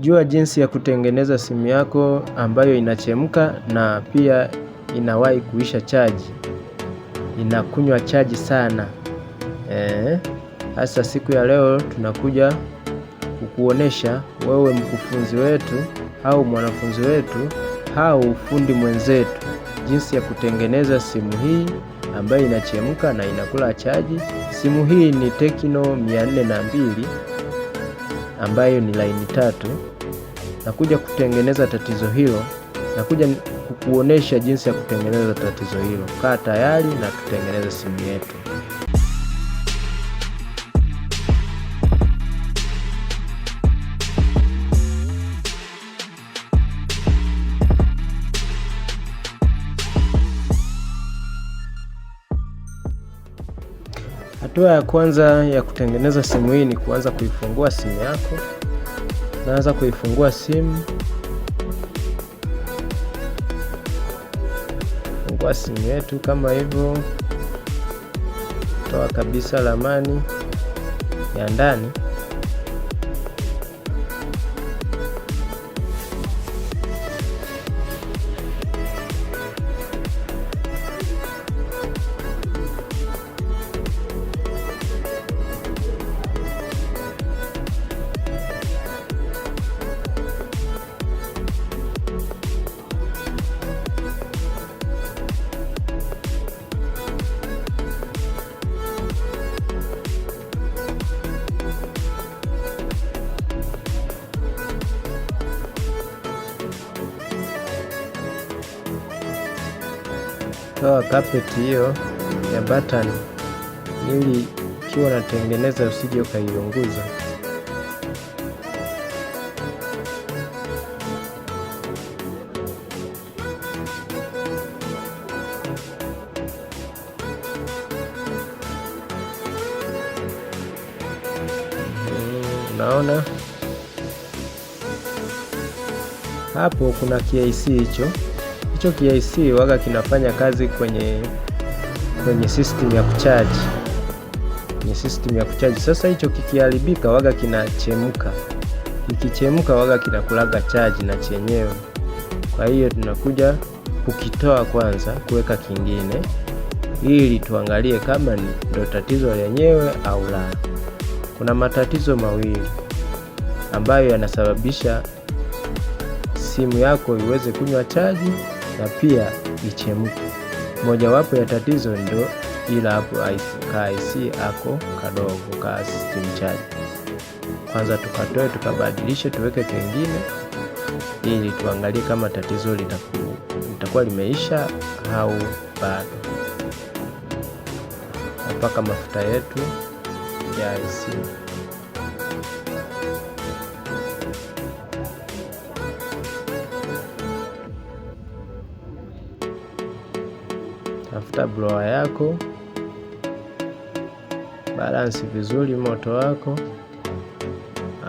Jua jinsi ya kutengeneza simu yako ambayo inachemka na pia inawahi kuisha chaji, inakunywa chaji sana. hasa e, siku ya leo tunakuja kukuonesha wewe mkufunzi wetu au mwanafunzi wetu au fundi mwenzetu jinsi ya kutengeneza simu hii ambayo inachemka na inakula chaji. Simu hii ni Tecno 402 ambayo ni laini tatu. na kuja kutengeneza tatizo hilo, na kuja kukuonesha jinsi ya kutengeneza tatizo hilo. Kaa tayari na tutengeneze simu yetu. Hatua ya kwanza ya kutengeneza simu hii ni kuanza kuifungua simu yako. Naanza kuifungua simu, fungua simu yetu kama hivyo, toa kabisa ramani ya ndani. toa carpet hiyo ya button ili ukiwa unatengeneza usije ukaiunguza. Unaona mm, hapo kuna KIC hicho hicho KIC waga kinafanya kazi kwenye kwenye system ya kuchaji, kwenye system ya kuchaji. Sasa hicho kikiharibika, waga kinachemka, kikichemka waga kinakulaga chaji na chenyewe. Kwa hiyo tunakuja kukitoa kwanza kuweka kingine, ili tuangalie kama ndo tatizo lenyewe au la. Kuna matatizo mawili ambayo yanasababisha simu yako iweze kunywa chaji na pia ichemke. Mojawapo ya tatizo ndo ila hapo kaic ako kadogo ka system charge. Kwanza tukatoe tukabadilishe tuweke kengine ili tuangalie kama tatizo litakuwa limeisha au bado. mpaka mafuta yetu ya IC. tafuta blower yako, balansi vizuri moto wako,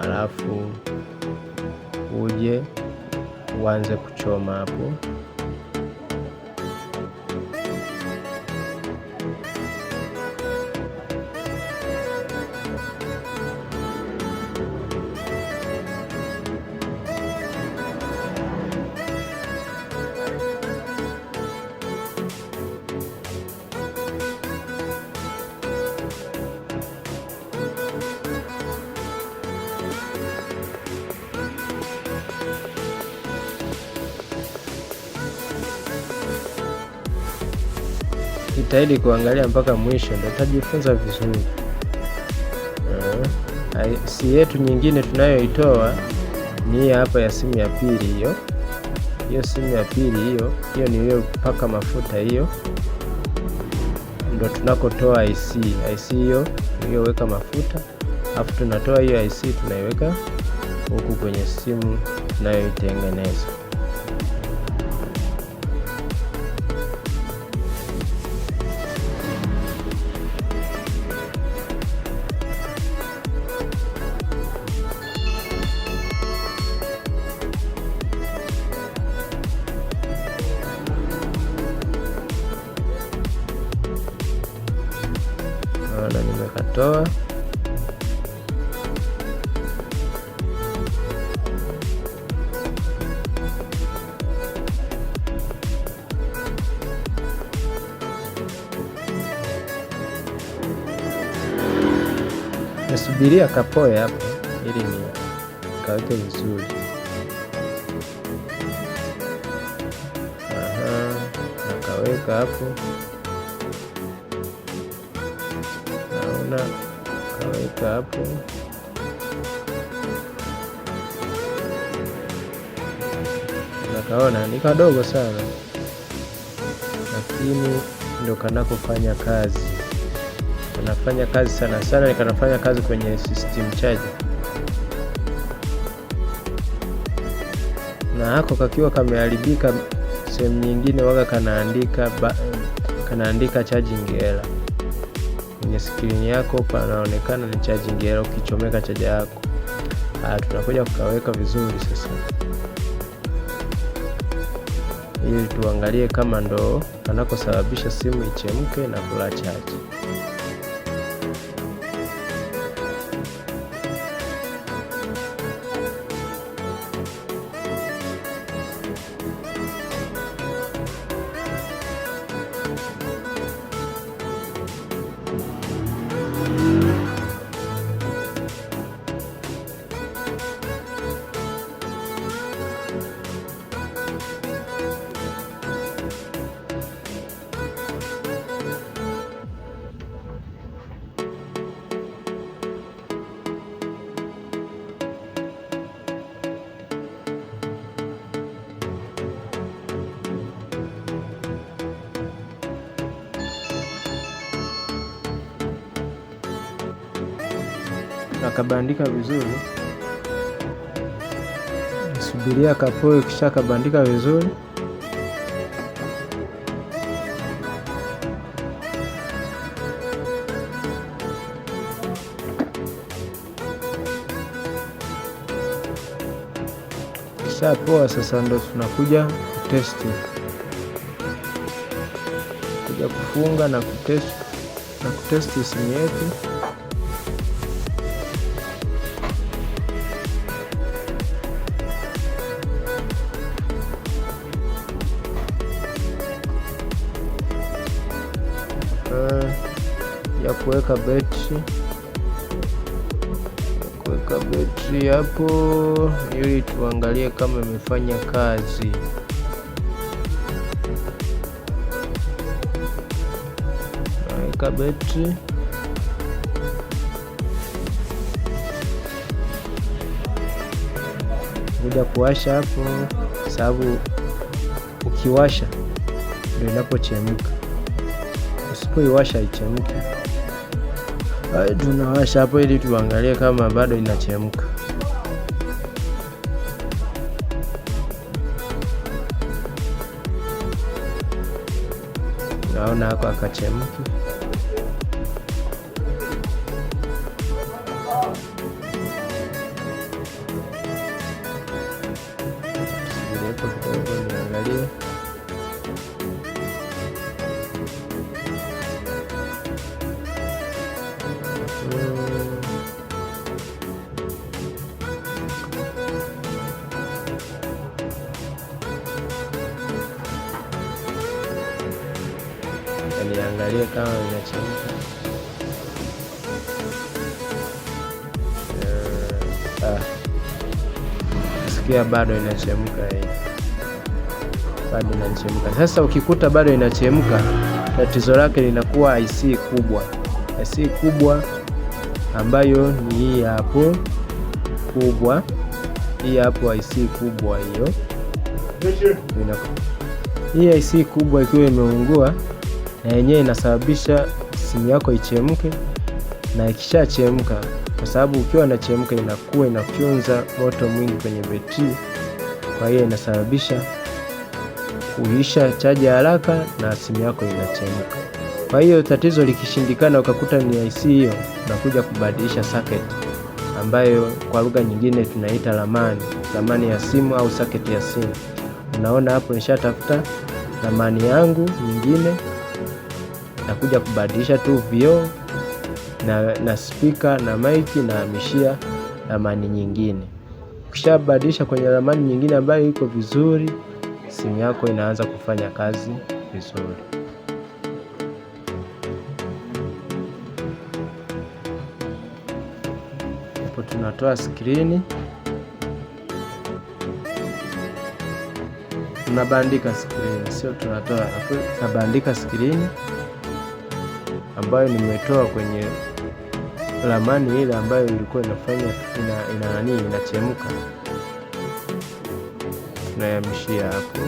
alafu uje uanze kuchoma hapo. jitahidi kuangalia mpaka mwisho, ndio utajifunza vizuri. Eh, si yetu nyingine tunayoitoa ni hapa ya simu ya pili hiyo hiyo simu ya pili hiyo hiyo paka mafuta hiyo, ndo tunakotoa IC. IC hiyo iliyoweka mafuta, alafu tunatoa hiyo IC tunaiweka huku kwenye simu tunayoitengeneza. maana nimekatoa. Nasubiria kapoe hapo ili ni kaweke vizuri. Aha, nakaweka hapo. tena, kaweka hapo nakaona ni kadogo sana, lakini ndo kanakofanya kazi, kanafanya kazi sana sana, ni kanafanya kazi kwenye system charge na hako kakiwa kameharibika sehemu nyingine, waga kanaandika kanaandika charging error kwenye skrini yako panaonekana ni charging error, ukichomeka chaja yako. Ah, tunakuja kukaweka vizuri sasa, ili tuangalie kama ndo anakosababisha simu ichemke na kula chaji. akabandika vizuri, subiria kapoe, kisha kabandika vizuri. Kisha poa, sasa ndo tunakuja kutesti, kuja kufunga na kutesti na kutesti simu yetu. kuweka betri kuweka betri hapo, ili tuangalie kama imefanya kazi. Naweka betri muda kuwasha hapo, sababu ukiwasha ndio inapochemka, usipoiwasha haichemki tunawasha hapo ili tuangalie kama bado inachemka. Naona hako akachemki. Niangalie pia bado inachemka hii, bado inachemka. Sasa ukikuta bado inachemka, tatizo lake linakuwa IC kubwa, IC kubwa ambayo ni hii hapo kubwa, hii hapo IC kubwa hiyo. Hii IC kubwa ikiwa imeungua, na yenyewe inasababisha simu yako ichemke, na ikishachemka kwa sababu ukiwa inachemka inakuwa inafyonza moto mwingi kwenye betri, kwa hiyo inasababisha kuisha chaji haraka na simu yako inachemka. Kwa hiyo tatizo likishindikana, ukakuta ni IC hiyo, unakuja kubadilisha socket ambayo kwa lugha nyingine tunaita ramani, ramani ya simu au socket ya simu. Unaona hapo nishatafuta ramani yangu nyingine, nakuja kubadilisha tu vioo na, na spika na maiki nahamishia ramani nyingine. Ukishabadilisha kwenye ramani nyingine ambayo iko vizuri, simu yako inaanza kufanya kazi vizuri. Hapo tunatoa skrini, tunabandika skrini, sio tunatoa, tunabandika skrini ambayo nimetoa kwenye ramani ile ambayo ilikuwa inafanya ina nani inachemka tunayamishia hapo.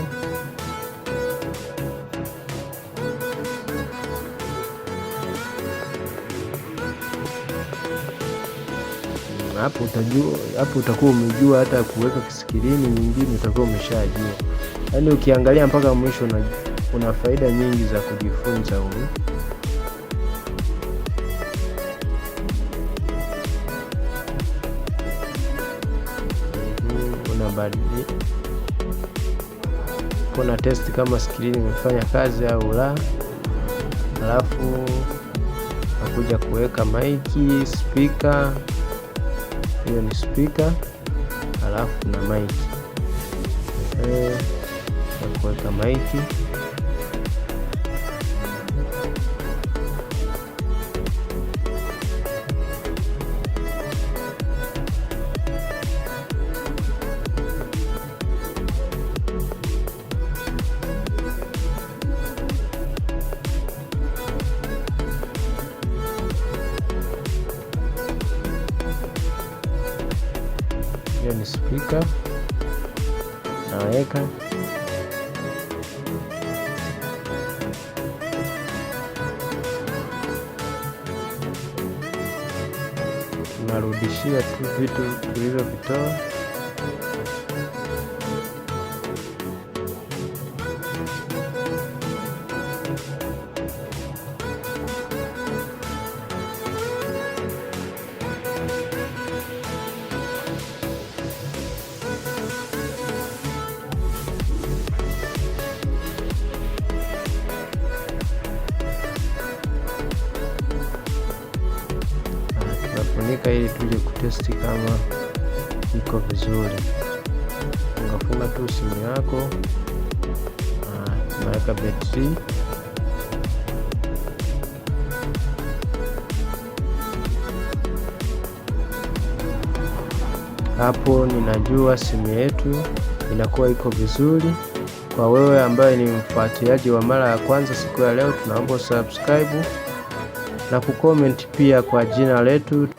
Hapo utajua, hapo utakuwa umejua hata kuweka kisikilini nyingine utakuwa umeshajua. Yaani ukiangalia mpaka mwisho una, una faida nyingi za kujifunza huyu habari. Kuna test kama skrini imefanya kazi au la, alafu nakuja kuweka maiki speaker, hiyo ni speaker, alafu na maiki e, eh, na kuweka maiki naweka narudishia tu vitu vilivyovitoa. test kama iko vizuri. Unafunga tu simu yako, ah, unaweka betri hapo, ninajua simu yetu inakuwa iko vizuri. Kwa wewe ambaye ni mfuatiliaji wa mara ya kwanza siku ya leo, tunaomba subscribe na kucomment pia kwa jina letu